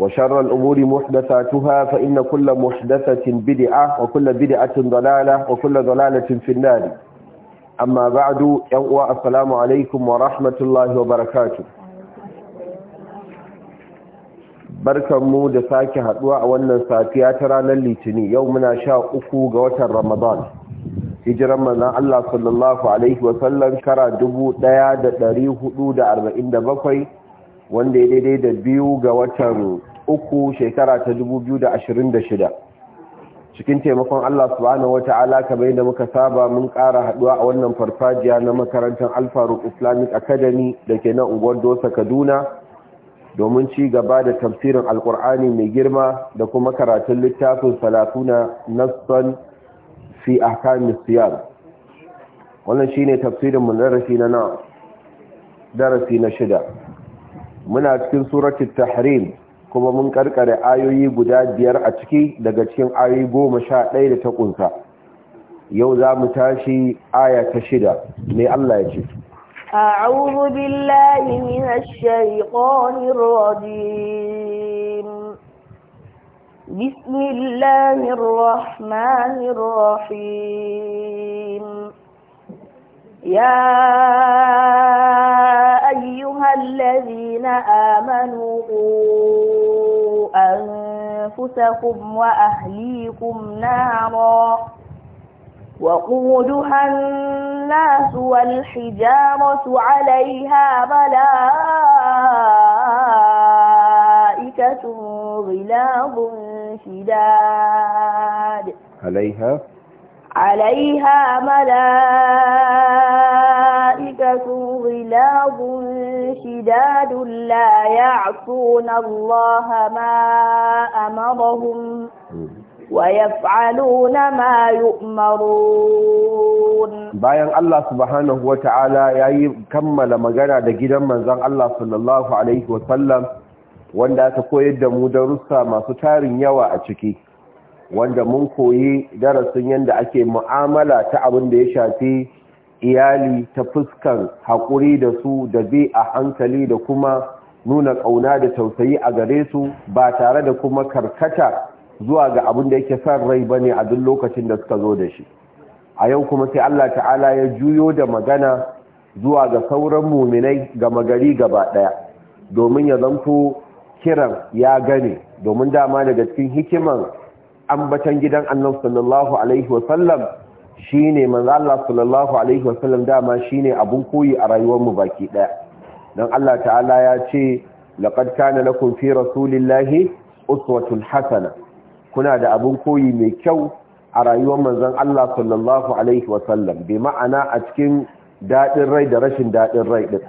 وشر الأمور محدثاتها فإن كل محدثة بدعة وكل بدعة ضلالة وكل ضلالة في النار أما بعد يوء السلام عليكم ورحمة الله وبركاته barkanmu da sake haduwa a wannan safiya ta ranar litini yau muna sha uku ga watan ramadan hijiran manzon Allah sallallahu alaihi wasallam kara bakwai wanda ya daidai da biyu ga watan uku shekara ta biyu da da ashirin shida, cikin taimakon Allah subhanahu wata'ala kamar da muka saba mun ƙara haɗuwa a wannan farfajiya na makarantar alfaru Islamic Academy da ke nan unguwar Dosa Kaduna domin ci gaba da tafsirin Alƙur'ani mai girma da kuma karatun littafin Salatuna Nassan fi ahkamis siyar wannan shine tafsirin mu darasi na darasi na shida muna cikin suratul tahrim kuma mun karkare ayoyi guda biyar a ciki daga cikin ayoyi goma sha ɗaya da ta ƙunsa yau za mu tashi aya ta shida mai Allah ya ce أعوذ بالله من الشيطان الرجيم بسم الله الرحمن الرحيم أيها الذين آمنوا أنفسكم وأهليكم نارا وقودها الناس والحجارة عليها ملائكة غلاظ شداد عليها عليها ملائكة الملائكة غلاظ شداد لا يعصون الله ما أمرهم ويفعلون ما يؤمرون bayan Allah subhanahu wata'ala yayi kammala magana da gidan manzon Allah sallallahu wanda aka koyar da mu darussa masu tarin yawa a ciki wanda mun koyi darasin yadda ake mu'amala ta abin da ya shafi iyali ta fuskar haƙuri da su da bi a hankali da kuma nuna ƙauna da tausayi a gare su ba tare da kuma karkata zuwa ga abin da yake son rai ba ne a duk lokacin da suka zo da shi a yau kuma sai Allah ta'ala ya juyo da magana zuwa ga sauran muminai gama gari gaba ɗaya domin ya zanto kiran ya gane domin dama daga cikin hikiman ambatan gidan annabi sallallahu alaihi sallam shine manzo Allah sallallahu alaihi wasallam dama shine abun koyi a rayuwar mu baki daya dan Allah ta'ala ya ce laqad kana lakum fi rasulillahi uswatun hasana kuna da abun koyi mai kyau a rayuwar manzon Allah sallallahu alaihi wasallam bi ma'ana a cikin dadin rai da rashin dadin rai din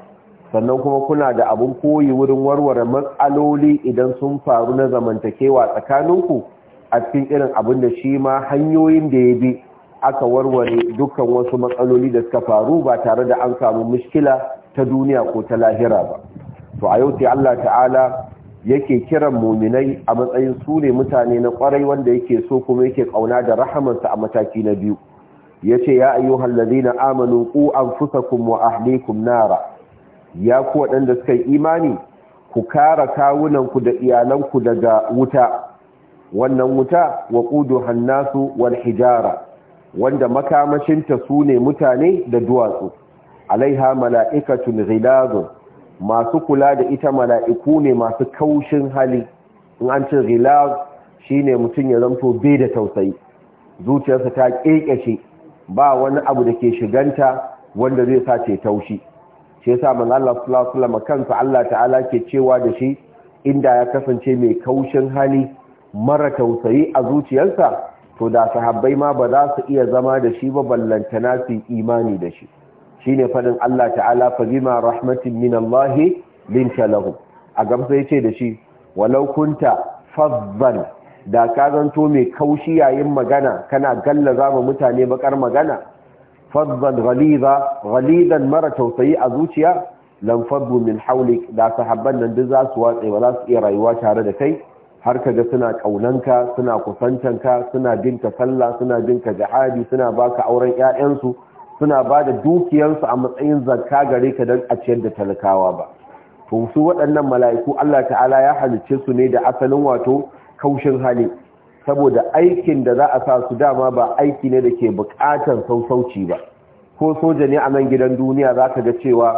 sannan kuma kuna da abun koyi wurin warware matsaloli idan sun faru na zamantakewa tsakaninku a cikin irin abin da shi ma hanyoyin da ya bi aka warware dukkan wasu matsaloli da suka faru ba tare da an samu mushkila ta duniya ko ta lahira ba to a yau sai Allah ta'ala yake kiran muminai a matsayin su ne mutane na kwarai wanda yake so kuma yake kauna da rahamarsa a mataki na biyu yace ya ayyuhal ladina amanu qu anfusakum wa ahlikum nara ya ku waɗanda suka imani ku kara kawunanku da iyalanku daga wuta wannan wuta wa hannasu nasu wal hijara wanda makamashinta su ne mutane da duwatsu alaiha mala'ikatun ghilazun masu kula da ita mala'iku ne masu kaushin hali in an ce shi shine mutum ya zanto bai da tausayi zuciyarsa ta ƙeƙashe ba wani abu da ke shiganta wanda zai sa ce taushi shi yasa man Allah sallallahu alaihi kansa Allah ta'ala ke cewa da shi inda ya kasance mai kaushin hali mara tausayi a zuciyarsa to da sahabbai ma ba za su iya zama da shi ba ballantana su imani da shi Shi ne fadin Allah ta'ala fa bima rahmatin min Allah a gamsa yace da shi walau kunta fazzan da ka zanto mai kaushi yayin magana kana gallaza ma mutane bakar magana fazzan ghaliza Ghalidan mara tausayi a zuciya lam faddu min hawlik da sahabban nan duk za su watsa ba za su iya rayuwa tare da kai har ka ga suna ƙaunanka suna kusantanka suna binka sallah suna binka jihadi suna baka auren 'ya'yansu suna ba da dukiyarsu a matsayin zakka gare ka don a ciyar da talakawa ba to su waɗannan mala'iku Allah ta'ala ya halicce su ne da asalin wato kaushin hali saboda aikin da za a sa su dama ba aiki ne da ke buƙatar sausauci ba ko soja ne a nan gidan duniya za ka ga cewa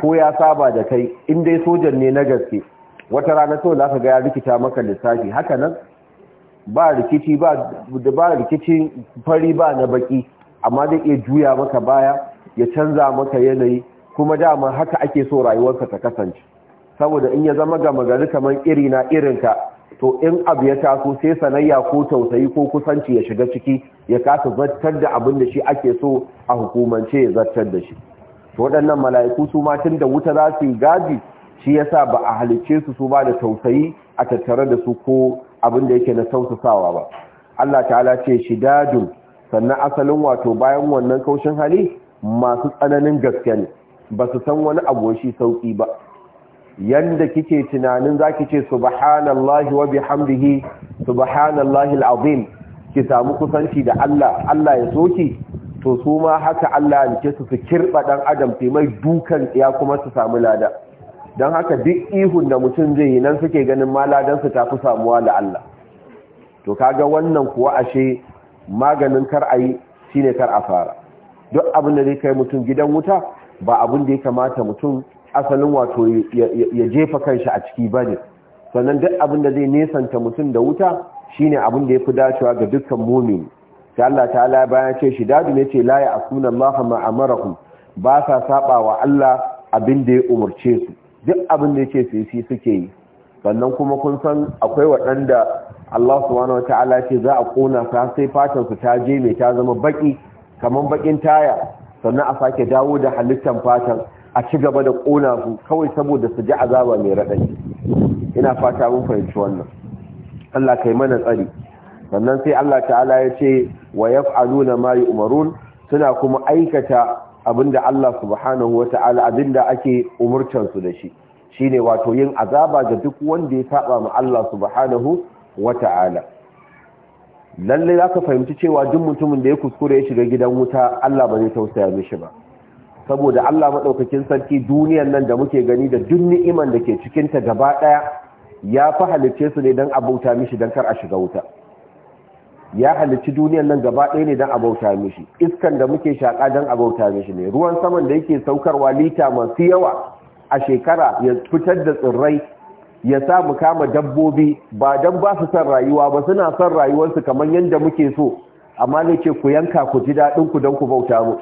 ko ya saba da kai in dai sojan ne na gaske wata rana to za ka ga ya rikita maka lissafi haka nan ba rikici ba rikicin fari ba na baki amma zai iya juya maka baya ya canza maka yanayi kuma dama haka ake so rayuwarsa ta kasance saboda in ya zama gama gari kamar iri na irinka to in abu ya taso sai sanayya ko tausayi ko kusanci ya shiga ciki ya kasa zartar da abin da shi ake so a hukumance ya zartar da shi to waɗannan mala'iku su ma tun da wuta za su yi gaji shi yasa ba a halicce su su ba da tausayi a tattare da su ko abin da yake na tausasawa ba Allah ta'ala ce shidadun sannan asalin wato bayan wannan kaushin hali masu tsananin gaske ne ba su san wani abu shi sauki ba yanda kike tunanin zaki ce subhanallahi wa bihamdihi subhanallahi alazim ki samu kusanci da Allah Allah ya soki to su ma haka Allah ya ce su su ɗan adam sai mai dukan ya kuma su samu lada don haka duk ihun da mutum zai yi nan suke ganin maladansu ta fi samuwa da Allah to kaga wannan kuwa ashe maganin kar a yi shi ne kar a fara duk abin da zai kai mutum gidan wuta ba abin da ya kamata mutum asalin wato ya jefa kanshi a ciki ba ne sannan duk abin da zai nesanta mutum da wuta shi ne abin da ya fi dacewa ga dukkan mumini ta Allah ta'ala bayan ce shi dadu ne ce laye a sunan Allah ma amarahu ba sa saba wa Allah abin da ya umarce su duk abin da yake su yi suke yi sannan kuma kun san akwai waɗanda Allah subhanahu wata'ala ce za a ƙona sa sai fatan su ta je mai ta zama baki kaman bakin taya sannan a sake dawo da halittan fatan a ci gaba da ƙona su kawai saboda su ji azaba mai raɗaɗi ina fata mun fahimci wannan Allah kai mana tsari sannan sai Allah ta'ala ya ce wa yaf'aluna ma umarun suna kuma aikata Abin da Allah subhanahu wa ta'ala da ake umurtansu da shi shi ne wato yin azaba ga duk wanda ya saba ma Allah subhanahu wa ta'ala lalle ka fahimci cewa duk mutumin da ya kuskure ya shiga gidan wuta Allah ba zai tausaya mishi ba saboda Allah maɗaukakin sarki duniyar nan da muke gani da duk ni'iman da ke cikin ta gaba ɗaya, ya fi halicce su ne dan abuta mishi dan kar a shiga wuta ya halicci duniyan nan gaba ɗaya ne don a bauta mishi iskan da muke shaƙa don a bauta mishi ne ruwan saman da yake saukarwa lita masu yawa a shekara ya fitar da tsirrai ya sa mu kama dabbobi ba don ba su son rayuwa ba suna son rayuwarsu kamar yadda muke so amma ne ce ku yanka ku ji daɗin ku don ku bauta mu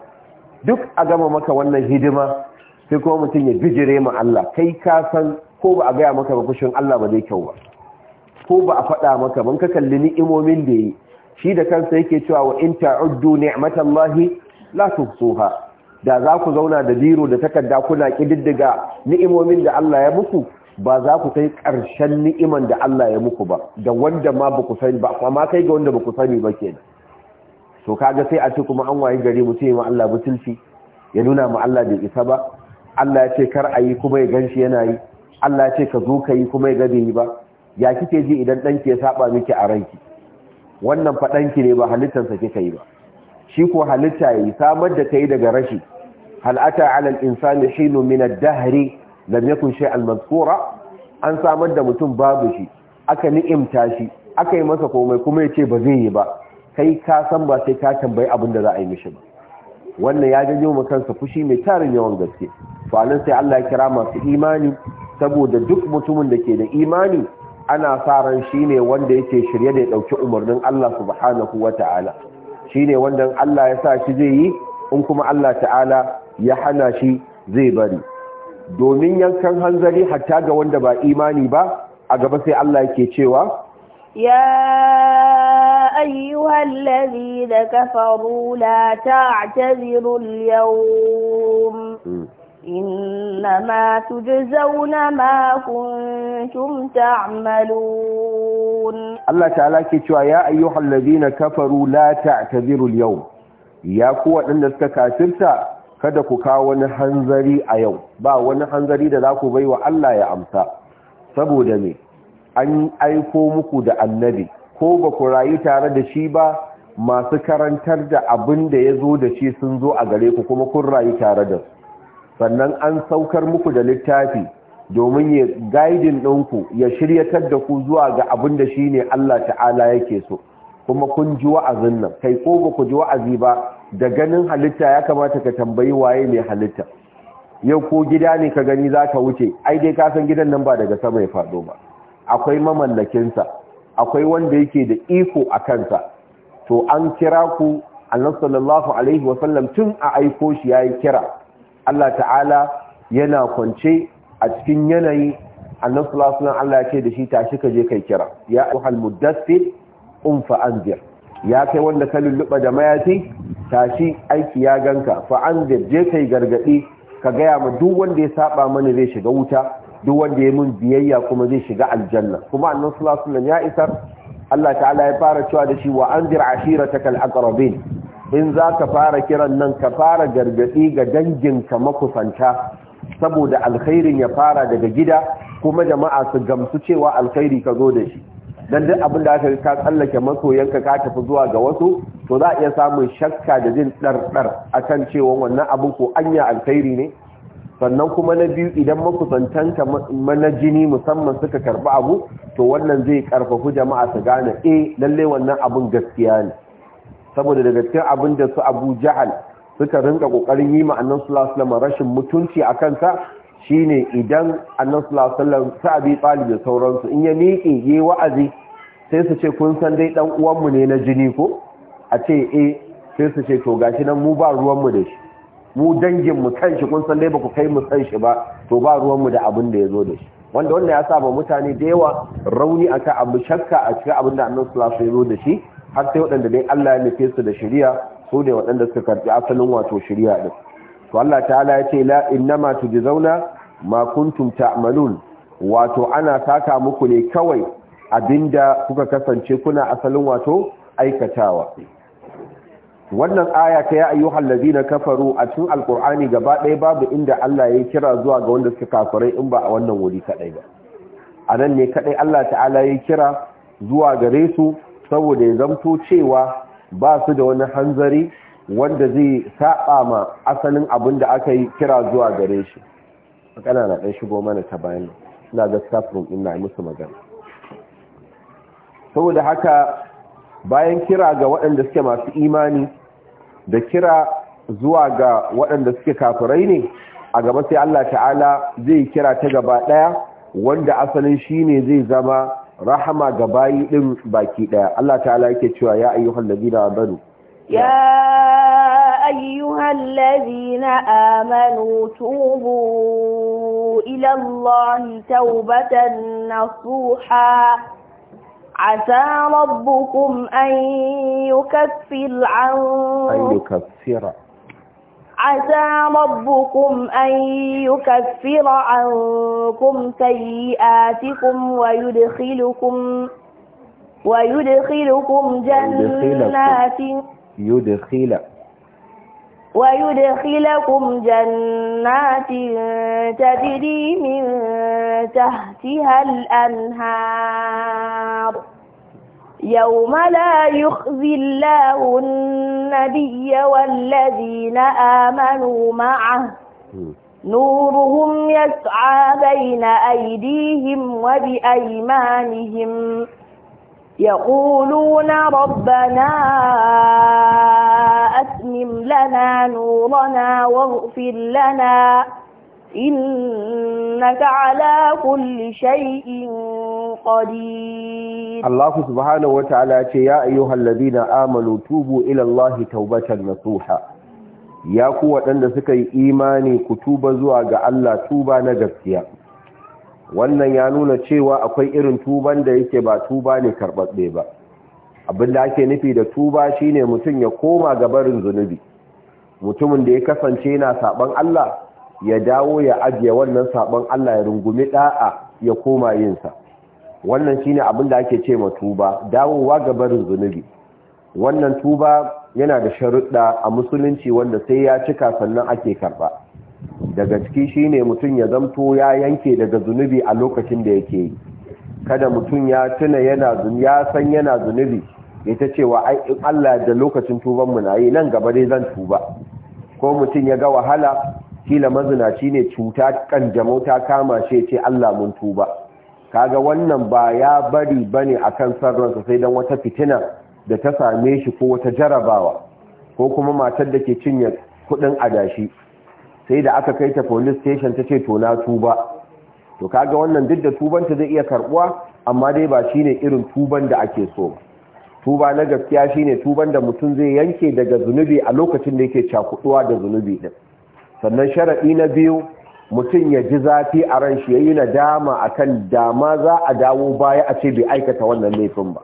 duk a gama maka wannan hidima sai kuma mutum ya bijire mu Allah kai ka san ko ba a gaya maka ba fushin Allah ba zai kyau ba ko ba a faɗa maka ban ka kalli ni'imomin da yi shi da kansa yake cewa wa in ta'uddu ni'matallahi la tuhsuha da za ku zauna da biro da takarda kuna kididdiga ni'imomin da Allah ya muku ba za ku kai ƙarshen ni'iman da Allah ya muku ba da wanda ma ba ku sani ba amma kai ga wanda ba ku sani ba kenan to kaga sai a ce kuma an waye gari mu ce ma Allah butulci ya nuna ma Allah bai isa ba Allah ya ce kar ayi yi kuma ya ganshi yana yi Allah ya ce ka zo ka kuma ya ga ni ba ya kike ji idan danki ya saba miki a ranki wannan faɗanki ne ba halittarsa kika yi ba shi ko halitta yi samar da kai daga rashi hal ata ala al-insani hinun min ad-dahri lam yakun al mazkura an samar da mutum babu shi aka ni'imta shi aka yi masa komai kuma yace ba zai yi ba kai ka san ba sai ka tambayi abin da za a yi mishi ba wannan ya janyo mu kansa fushi mai tarin yawan gaske Fa sai Allah ya kira masu imani saboda duk mutumin da ke da imani ana sa ran shi ne wanda yake shirye da ya dauki umarnin Allah subhanahu wataala ne wanda Allah ya sa shi zai yi in kuma Allah ta'ala ya hana shi zai bari domin yankan hanzari hatta ga wanda ba imani ba a gaba sai Allah yake cewa ya allazi da kafaru la ta'tadiru al-yawm hmm. إنما تجزون ما كنتم تعملون الله تعالى كتوى يا أيها الذين كفروا لا تعتذروا اليوم يا قوة أن تكاثرت kada ku kawo wani hanzari a yau ba wani hanzari da za ku bai wa Allah ya amsa saboda me an aiko muku da annabi ko ba ku rayu tare da shi ba masu karantar da abin da ya zo da shi sun zo a gare ku kuma kun rayu tare da su sannan an saukar muku da littafi domin ya gaidin ɗinku ya shiryatar da ku zuwa ga abin da shi ne Allah ta'ala yake so kuma kun ji wa'azin nan kai ko ba ku ji wa'azi ba da ganin halitta ya kamata ka tambayi waye ne halitta yau ko gida ne ka gani za ka wuce ai dai ka san gidan nan ba daga sama ya faɗo ba akwai mamallakinsa akwai wanda yake da iko a kansa to an kira ku annabi sallallahu alaihi sallam tun a aiko shi yayi kira Allah ta'ala yana kwance a cikin yanayi A sallallahu alaihi Allah ya ce da shi tashi ka je kai kira ya ayyuhal muddaththir um anzir ya kai wanda ka lulluɓa da mayafi tashi aiki ya ganka fa anzir je kai gargadi ka gaya ma duk wanda ya saba mana zai shiga wuta duk wanda ya mun biyayya kuma zai shiga aljanna kuma a sallallahu ya isar Allah ta'ala ya fara cewa da shi wa anzir ashiratakal aqrabin in za ka fara kiran nan ka fara gargaɗi ga danginka makusanta saboda alkhairin ya fara daga gida kuma jama'a su gamsu cewa alkhairi ka zo da shi dan duk abin da ka tsallake masoyanka ka tafi zuwa ga wasu to za a iya samun shakka da jin ɗarɗar akan cewa wannan abin ko anya alkhairi ne sannan kuma na biyu idan makusantanka mana jini musamman suka karɓi abu to wannan zai karfafu jama'a su gane eh lallai wannan abun gaskiya ne saboda daga cikin abin da su abu jahal suka rinka kokarin yi ma annan sallallahu rashin mutunci a kansa shine idan annan sallallahu abi tsali da sauransu in ya miƙe yi wa'azi sai su ce kun san dai dan uwanmu ne na jini ko a ce eh sai su ce to gashi nan mu ba ruwanmu da shi mu dangin mu kan shi kun san dai ba ku kai mu san shi ba to ba ruwanmu da abin da ya zo da shi wanda wannan ya saba mutane da yawa rauni akan abu shakka a cikin abin da annan sallallahu alaihi da shi har sai waɗanda dai Allah ya nufe su da shari'a su ne waɗanda suka karɓi asalin wato shari'a ɗin. to Allah ta'ala ya ce la innama tujzauna ma kuntum ta'malun wato ana saka muku ne kawai abinda kuka kasance kuna asalin wato aikatawa wannan aya ta ya ayyuhal ladina kafaru a cikin alqur'ani gaba ɗaya babu inda Allah ya kira zuwa ga wanda suka kafirai in ba a wannan wuri kadai ba anan ne kadai Allah ta'ala ya kira zuwa gare su saboda ya zamto cewa ba su da wani hanzari wanda zai saba ma asalin abin da aka yi kira zuwa gare shi Kana na ɗan shigo mana ta bayan ina ga staff ina musu magana saboda haka bayan kira ga waɗanda suke masu imani da kira zuwa ga waɗanda suke kafirai ne a gaba sai Allah ta'ala zai kira ta gaba ɗaya wanda asalin shi ne zai zama rahama ga bayi din baki daya Allah ta'ala yake cewa ya ayyuhal ladina amanu ya ayyuhal ladina amanu tubu ila Allah tawbatan nasuha عسى ربكم أن يكفر أن يكفر عسى ربكم أن يكفر عنكم سيئاتكم ويدخلكم ويدخلكم جنات يدخل ويدخلكم جنات تجري من تحتها الأنهار يوم لا يخزي الله النبي والذين آمنوا معه نورهم يسعى بين أيديهم وبأيمانهم يقولون ربنا أتمم لنا نورنا واغفر لنا إنك على كل شيء قدير الله سبحانه وتعالى يا أيها الذين آمنوا توبوا إلى الله توبة نصوحا ya قوة waɗanda suka yi imani ku tuba zuwa ga Allah tuba na gaskiya wannan ya nuna cewa akwai irin tuban da yake ba tuba ne karɓaɓɓe ba Abin da ake nufi da tuba shine mutum ya koma ga barin zunubi mutumin da ya kasance yana saɓan Allah ya dawo ya ajiye wannan sabon Allah ya rungumi da'a ya koma yin sa wannan shine abin da ake ce ma tuba dawowa ga barin zunubi wannan tuba yana da sharuɗa a musulunci wanda sai ya cika sannan ake karba daga ciki shine mutum ya zamto ya yanke daga zunubi a lokacin da yake yi kada mutum ya tuna yana ya san yana zunubi ya ta cewa ai in Allah da lokacin tuban mu na yi nan gaba dai zan tuba ko mutum ya ga wahala kila mazinaci ne cuta kanjamau ta kama shi ce Allah mun tuba kaga wannan ba ya bari bane akan sarransa sai dan wata fitina da ta same shi ko wata jarabawa ko kuma matar da ke cinye kudin adashi sai da aka kai ta police station ta ce to na tuba to kaga wannan duk da tubanta zai iya karbuwa amma dai ba shine irin tuban da ake so ba tuba na gaskiya shine tuban da mutum zai yanke daga zunubi a lokacin da yake cakuduwa da zunubi din sannan sharaɗi na biyu mutum ya ji zafi a ran shi yayi nadama akan dama za a dawo baya a ce bai aikata wannan laifin ba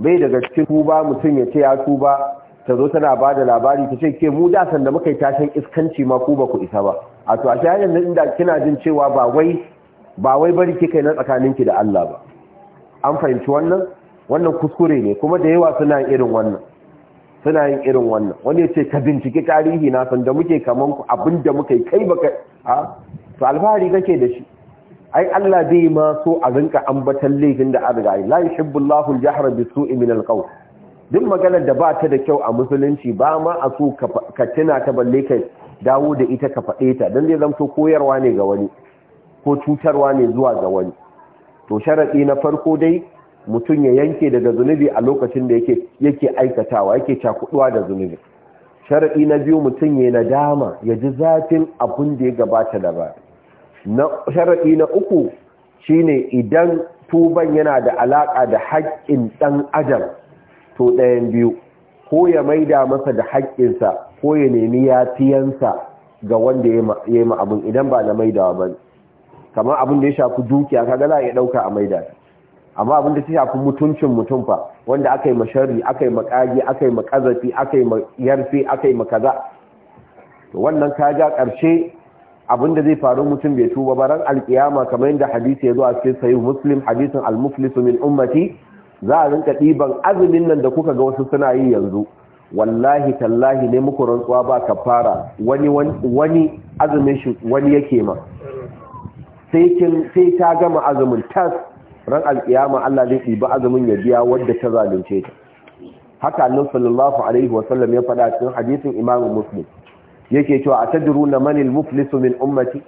bai daga cikin tuba mutum ya ce ya tuba ta zo tana ba da labari ta ce ke mu da sanda muka yi tashin iskanci ma ku ba ku isa ba a to a shayar da inda kina jin cewa ba wai bari kika na na tsakaninki da Allah ba an fahimci wannan wannan kuskure ne kuma da yawa suna irin wannan suna yin irin wannan wani ya ce ka binciki tarihi na sanda da muke kaman ku abin da muka yi kai baka a to alfahari kake da shi ai Allah zai yi so a rinka ambatan laifin da an riga la yuhibbu Allahu al-jahra min al-qawl duk maganar da ba ta da kyau a musulunci ba ma a so ka tuna ta balle kai dawo da ita ka faɗe ta don zai zamto koyarwa ne ga wani ko cutarwa ne zuwa ga wani to sharaɗi na farko dai mutum ya yanke daga zunubi a lokacin da yake yake aikatawa yake cakuduwa da zunubi shar'i na biyu mutum ya nadama ya ji zafin abin da ya gabata da ba na na uku shine idan tuban yana da alaƙa da haƙƙin ɗan adam to ɗayan biyu ko ya maida masa da haƙƙinsa ko ya nemi yafiyansa ga wanda ya yi abin idan ba na maidawa ba kamar abin da ya shafi dukiya kaga za a iya ɗauka a maida amma abin da shafi mutuncin mutum fa wanda aka yi masharri aka yi makage aka yi makazafi aka yi yarfe aka yi makaza to wannan ka ga ƙarshe abin da zai faru mutum bai tuba ba ran alkiyama kamar yadda hadisi ya zo a cikin sahih muslim hadisin al-muflisu min ummati za a rinka ɗiban azumin nan da kuka ga wasu suna yi yanzu wallahi tallahi ne muku rantsuwa ba kafara wani wani azumin shi wani yake ma sai kin sai ta gama azumin tas ran alkiyama Allah zai ɗiba azumin ya biya wadda ta zalunce ta haka annabi sallallahu alaihi wa sallam ya faɗa cikin hadisin Imam Muslim yake cewa atadruna man al-muflisu min ummati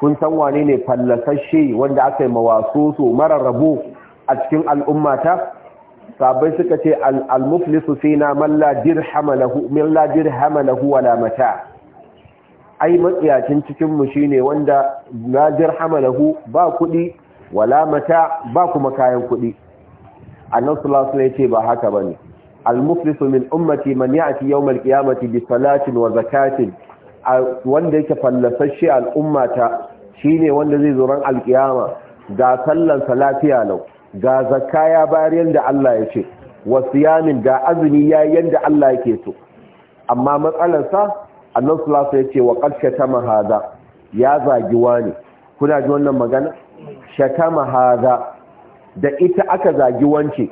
kun san wane ne fallasashe wanda aka yi mawasoso mara rabo a cikin al'ummata sabai suka ce al-muflisu fina man la dirham lahu min la dirham lahu wala mata ai matsiyacin cikin mu shine wanda la dirhama lahu ba kuɗi wala mata ba kuma kayan kuɗi annabi sallallahu alaihi wasallam ba haka bane al-muflisu min ummati man ya'ti yawm al-qiyamati bi salatin wa zakatin wanda yake fallasasshe ummata shine wanda zai zo ran al-qiyama ga sallan lafiya lau ga zakaya ya bayar yanda Allah ya ce wa siyamin ga azumi ya yanda Allah yake so amma matsalarsa annabi sallallahu alaihi wasallam ya ce wa qad shatama hada ya zagi wani kuna ji wannan magana shatama haza da ita aka zagi wance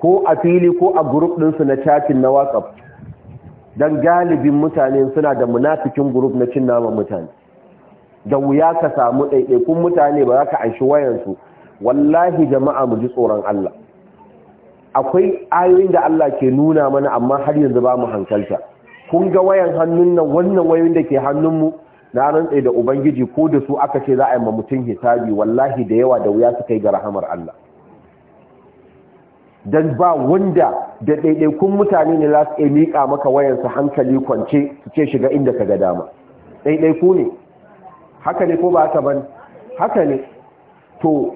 ko a fili ko a din su na chatin na WhatsApp dan galibin mutane suna da munafikin gurub na cin nama mutane da wuya ka samu daidaikun mutane ba za ka anshi wayansu wallahi jama'a mu ji tsoron Allah akwai ayoyin da Allah ke nuna mana amma har yanzu ba mu hankalta kun ga wayan hannun nan wannan wayoyin da ke hannun mu? na rantse da ubangiji ko da su aka ce za a yi ma mutum hisabi wallahi da yawa da wuya su kai ga rahamar Allah dan ba wanda da ɗaiɗaikun mutane ne za su iya miƙa maka wayansu hankali kwance su ce shiga inda ka ga dama ɗaiɗaiku ne haka ne ko ba ta ban haka ne to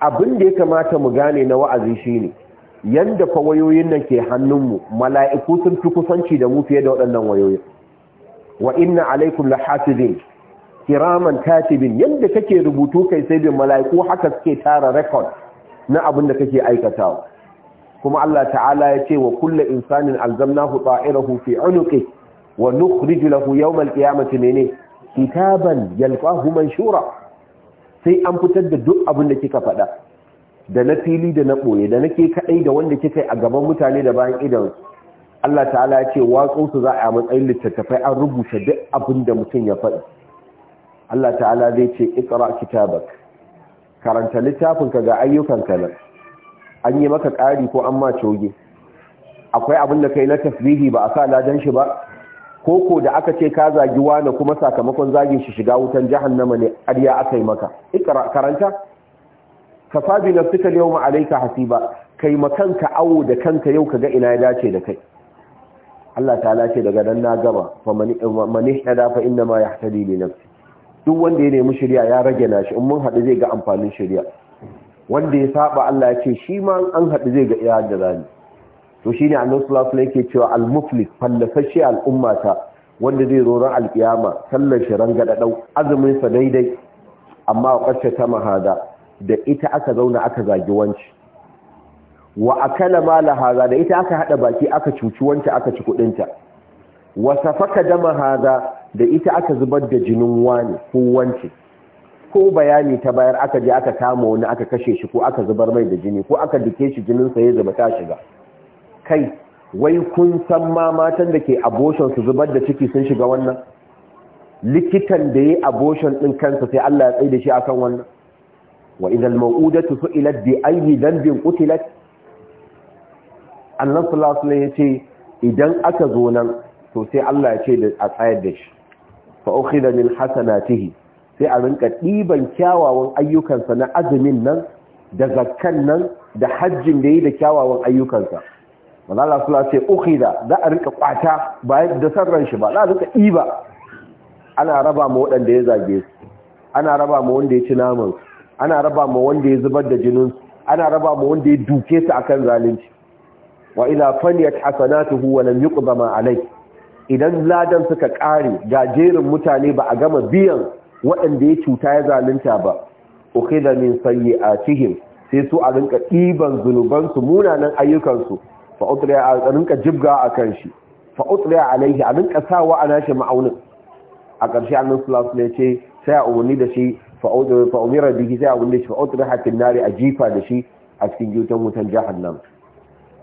abin da ya kamata mu gane na wa'azi shine yanda fa wayoyin nan ke hannunmu mala'iku sun fi kusanci da mu fiye da waɗannan wayoyin wa inna alaikum lahafizin kiraman katibin yadda kake rubutu kai sai bin mala'iku haka suke tara rekod na abin da kake aikatawa kuma Allah ta'ala ya ce wa kullu insanin alzamnahu ta'irahu fi unuqi wa nukhrij lahu yawm alqiyamati mene kitaban yalqahu manshura sai an fitar da duk abin da kika faɗa da na fili da na ɓoye da nake kaɗai da wanda kika yi a gaban mutane da bayan idan Allah ta'ala ya ce waƙonsu za a matsayin littattafai an rubuta duk abin da mutum ya faɗi Allah ta'ala zai ce ikra kitabak karanta littafinka ga ayyukanka nan an yi maka ƙari ko an ma coge akwai abin da kai na tasbihi ba a sa ladan shi ba Ko da aka ce ka zagi wani kuma sakamakon zagin shi shiga wutan jahannama ne ariya aka yi maka ikra karanta ka na nafsika yawma alayka hasiba kai makanka awo da kanka yau kaga ina ya dace da kai Allah ta ce daga nan na gaba fa man ihtada fa inna ma yahtadi li nafsi duk wanda ya nemi shirya ya rage nashi in mun haɗu zai ga amfanin shari'a wanda ya saba Allah ya ce shi ma an haɗu zai ga iya da rani to shine Annabi sallallahu alaihi yake cewa al-muflis fallafashi al-ummata wanda zai zo ran alkiyama sallar shi rangada dau azumin sa daidai amma a ƙarshe ta mahada da ita aka zauna aka zagi wanci wa akala mala haza da ita aka hada baki aka cuci wanta aka ci kudinta wa safaka dama haza da ita aka zubar da jinin wani ko wance ko bayani ta bayar aka je aka kama wani aka kashe shi ko aka zubar mai da jini ko aka dike shi jinin sa ya zuba ta shiga kai wai kun san ma matan da ke abortion su zubar da ciki sun shiga wannan likitan da ya abortion din kansa sai Allah ya tsaye da shi akan wannan wa idal mau'udatu su'ilat bi ayyi dhanbin qutilat annan sulasulan ya ce idan aka zo nan to sai Allah ya ce a tsayar da shi da min tihi sai a rinka ɗiban kyawawan ayyukansa na azumin nan da zakkan nan da hajjin da yi da kyawawan ayyukansa manzo Allah sallallahu alaihi da za a rinka kwata bayan da ran shi ba za a rinka ɗiba ana raba ma waɗanda ya zage su ana raba ma wanda ya ci naman ana raba ma wanda ya zubar da jinin ana raba ma wanda ya duke su akan zalunci wa ila faliyat hasanatuhu wa lam yuqda ma alai. idan ladan suka kare ga jerin mutane ba a gama biyan waɗanda ya cuta ya zalunta ba ukhidha min sayyi'atihim sai su a rinka ɗiban su munanan ayyukansu fa utriya a rinka jibga a kan shi fa utriya alaihi a rinka sawa a nashi ma'aunin a ƙarshe annan sulasu ne ce sai a umarni da shi fa umira bihi sai a umarni shi fa utriya hatta nari a jifa da shi a cikin jutan wutan jahannam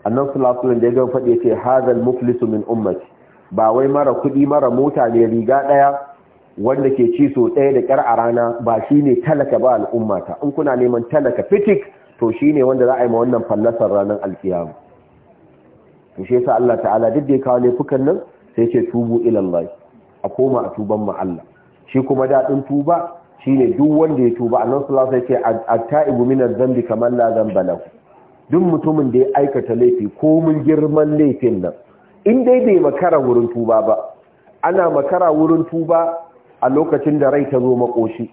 annan sulasulun da ya gan faɗi ce hazal muflisu min ummati ba wai mara kuɗi mara mota ne riga ɗaya wanda ke ci so ɗaya da ƙyar a rana ba shi ne talaka ba al'ummata in kuna neman talaka fitik to shi ne wanda za a yi ma wannan fallasar ranar alkiyama to shi yasa Allah ta'ala duk da ya kawo fukan nan sai ce tubu ilallah a koma a tuban ma Allah shi kuma daɗin tuba shine duk wanda ya tuba annabi sallallahu alaihi wasallam ce at-ta'ibu dhanbi la dhanba duk mutumin da ya aikata laifi ko mun girman laifin nan in dai bai makara wurin tuba ba ana makara wurin tuba a lokacin da rai ta zo makoshi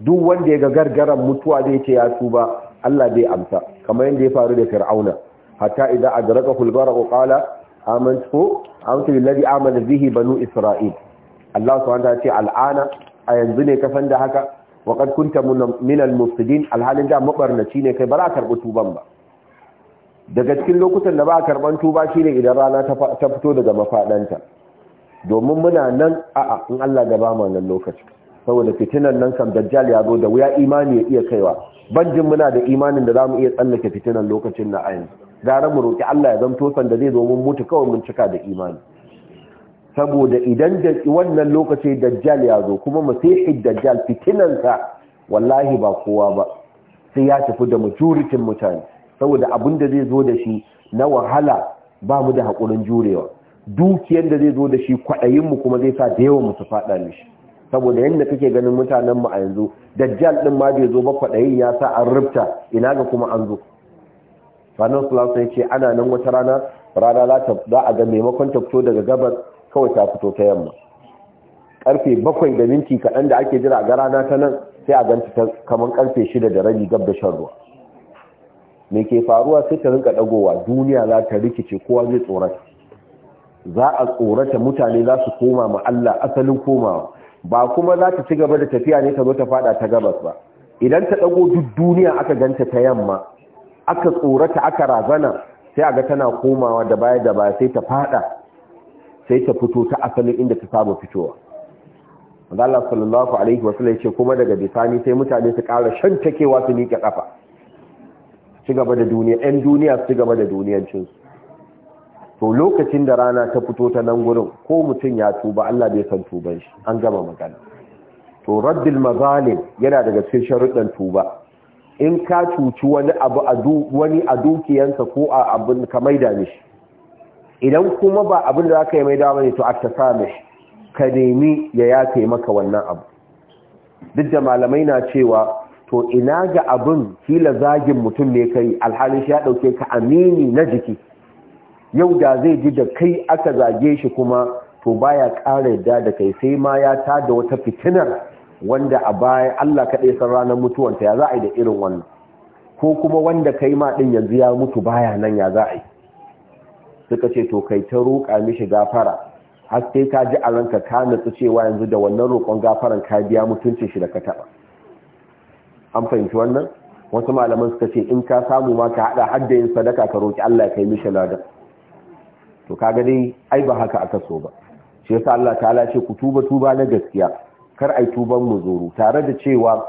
duk wanda ya ga gargaran mutuwa da yake ya tuba Allah bai amsa kamar yadda ya faru da Fir'auna hatta idza adrakahu al wa qala amantu amantu billahi amana bihi banu isra'il Allah subhanahu wa ta'ala ce al'ana a yanzu ne kasan da haka Waƙar kun ta min alhalin da mabarnaci ne kai ba za a karɓi tuban ba daga cikin lokutan da ba a karɓar tuba shine idan rana ta fito daga mafaɗanta domin muna nan a'a in Allah ba ma nan lokaci saboda fitinan nan kam dajjal ya zo da wuya imani ya iya kaiwa banjin muna da imanin da za mu iya tsallake fitinan lokacin na ayin gara mu roƙi Allah ya zamto san da zai zo mun mutu kawai mun cika da imani saboda idan da wannan lokaci dajjal ya zo kuma masihid dajjal fitinansa wallahi ba kowa ba sai ya tafi da majoritin mutane saboda abin da zai zo da shi na wahala ba mu da haƙurin jurewa dukiyar da zai zo da shi kwaɗayinmu kuma zai sa da yawan musu faɗa mishi saboda yadda kake ganin mutanenmu a yanzu dajjal ɗin ma bai zo ba kwaɗayin ya sa an rubta ina ga kuma an zo ranar sulasa ya ce ana nan wata rana rana za a ga maimakon tafito daga gabas kawai ta fito ta yamma karfe bakwai da minti kaɗan da ake jira ga rana ta nan sai a ganta ta kamar karfe shida da rabi gab da shan ruwa me ke faruwa sai ta rinka ɗagowa duniya za ta rikice kowa zai tsorata za a tsorata mutane za su koma ma Allah asalin komawa ba kuma za ta ci gaba da tafiya ne ta zo ta fada ta gabas ba idan ta dago duk duniya aka ganta ta yamma aka tsorata aka razana sai a ga tana komawa da baya da baya sai ta fada sai ta fito ta asalin inda ta saba fitowa Allah sallallahu alaihi wa sallam yace kuma daga bisani sai mutane su ƙara takewa su miƙe kafa ci gaba da duniya ɗan duniya su gaba da duniyancin su to lokacin da rana ta fito ta nan gurin ko mutum ya tuba Allah bai san tuban shi an gama magana to raddil mazalim yana daga cikin sharuɗan tuba in ka cuci wani abu a wani dukiyansa ko a abin ka maida mishi idan kuma ba abin da zaka yi mai dawa ne to a tasamih ka nemi ya yi maka wannan abu duk da malamai na cewa to ina ga abin fila zagin mutum ne kai alhalin shi ya ɗauke ka amini na jiki yau da zai ji da kai aka zage shi kuma to baya ƙara yadda da kai sai ma ya tada wata fitinar wanda a baya Allah kaɗai san ranar mutuwanta ya za a yi da irin wannan ko kuma wanda kai ma ɗin yanzu ya mutu baya nan ya za a yi suka ce to kai ta roƙa mishi gafara har sai ka ji a ranka ka natsu cewa yanzu da wannan roƙon gafaran ka biya mutuncin shi da ka taɓa an fahimci wannan wasu malaman suka ce in ka samu ma ka haɗa hadda yin sadaka ka roƙi Allah ya kai mishi lada to kaga dai ai ba haka aka so ba shi yasa Allah ta'ala ce ku tuba tuba na gaskiya kar ai tuban mu zuru tare da cewa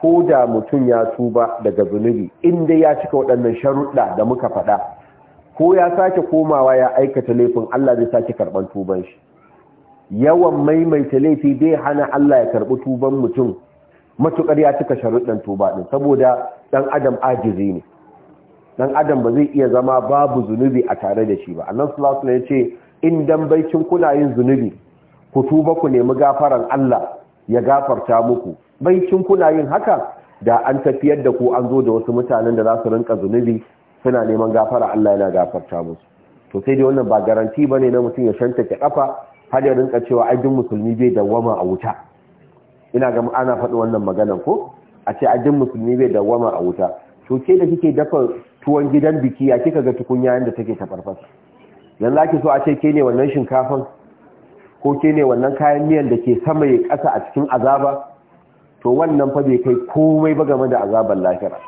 ko da mutum ya tuba daga zunubi in dai ya cika waɗannan sharuɗa da muka faɗa ko ya sake komawa ya aikata laifin Allah zai sake karɓar tuban shi yawan maimaita laifi zai hana Allah ya karɓi tuban mutum matukar ya cika sharuɗin tuba din saboda ɗan adam ajizi ne dan adam ba zai iya zama babu zunubi a tare da shi ba annabi sallallahu alaihi ya ce in dan baicin kuna yin zunubi ku tuba ku nemi gafaran Allah ya gafarta muku baicin kuna yin haka da an tafiyar da ku an zo da wasu mutanen da za su rinka zunubi suna neman gafara Allah yana gafarta musu to sai dai wannan ba garanti ba ne na mutum ya shanta ke ƙafa, har ya rinka cewa ai duk musulmi bai dawwama a wuta ina ga ana faɗi wannan magana ko a ce ai musulmi bai dawwama a wuta to ke da kike dafa tuwon gidan biki ya kika ga tukunya yanda take ta farfasa yanzu ake so a ce ke ne wannan shinkafan ko ke ne wannan kayan miyan da ke sama ya ƙasa a cikin azaba to wannan fa bai kai komai ba game da azabar lahira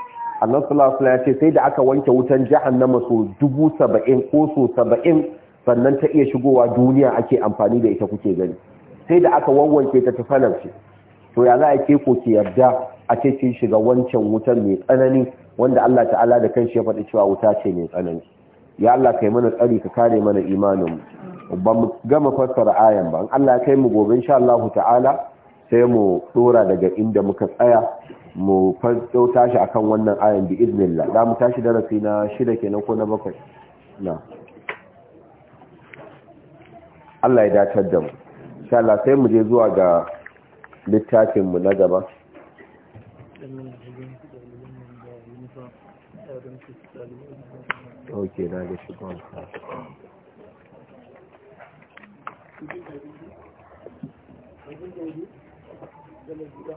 annan sulasula ya ce sai da aka wanke wutan jahannama so dubu saba'in ko so saba'in sannan ta iya shigowa duniya ake amfani da ita kuke gani sai da aka wanwanke ta tafanar shi to ya za a ke ko ke yarda a ce shiga wancan wutan mai tsanani wanda Allah ta'ala da kan shi ya faɗi cewa wuta ce mai tsanani ya Allah kai mana tsari ka kare mana imanin mu ba mu gama fassara ayan ba Allah ya kai mu gobe insha Allah ta'ala sai mu tsora daga inda muka tsaya mu farko tashi akan wannan ayan bi iznillah za mu tashi darasi na shida kenan ko na bakwai na Allah ya datar da mu insha Allah sai mu je zuwa ga littafin mu na gaba okay Thank you. katsewa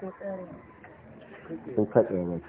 ko tsarewa